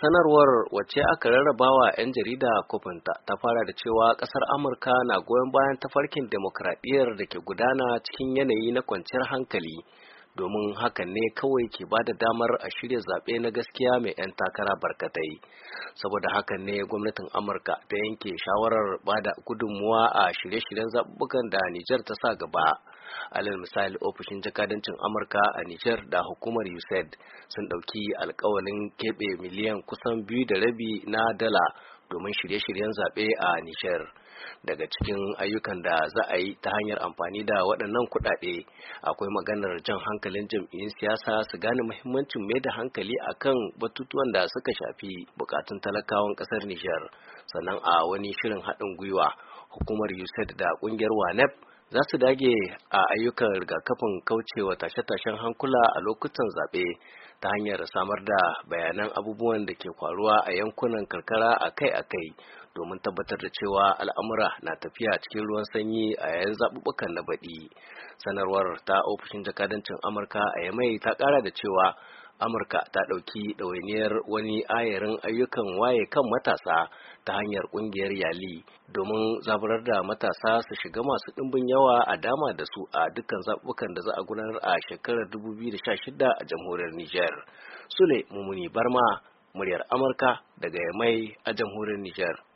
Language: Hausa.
sanarwar wacce aka rarrabawa 'yan jarida kofin ta fara da cewa kasar amurka na goyon bayan tafarkin demokradiyyar da ke gudana cikin yanayi na kwanciyar hankali domin hakan ne kawai ke ba da damar a shirya zaɓe na gaskiya mai 'yan takara barkatai saboda hakan ne gwamnatin amurka ta yanke shawarar ba da gudunmuwa a shirye-shiryen zaɓuɓɓukan da nijar ta sa gaba alal misali ofishin jakadancin amurka a nijar da hukumar usaid sun ɗauki alkawalin keɓe miliyan kusan biyu da rabi na dala domin shirye-shiryen zaɓe a Nijar. Daga cikin ayyukan da za a yi ta hanyar amfani da waɗannan kuɗaɗe akwai maganar jan hankalin jam'iyyun siyasa su gane muhimmancin mai da hankali a kan batutuwan da suka shafi bukatun talakawan ƙasar Nijar. Sannan a wani shirin haɗin gwiwa hukumar USAID da ƙungiyar WANEP za su dage a ayyukan rigakafin kaucewa tashe-tashen hankula a lokutan zaɓe ta hanyar samar da bayanan abubuwan da ke kwaruwa a yankunan karkara akai-akai domin tabbatar da cewa al'amura na tafiya cikin ruwan sanyi a yayin zaɓuɓɓukan na baɗi sanarwar ta ofishin jakadancin amurka a yamai ta ƙara da cewa amurka ta ɗauki ɗawainiyar wani ayarin ayyukan waye kan matasa ta hanyar ƙungiyar yali domin zaburar da matasa su shiga masu ɗimbin yawa a dama da su a dukkan zaɓuɓɓukan da za a gudanar a shekarar 2016 a jamhuriyar niger sule mumuni barma muryar amurka daga mai a jamhuriyar Nijar.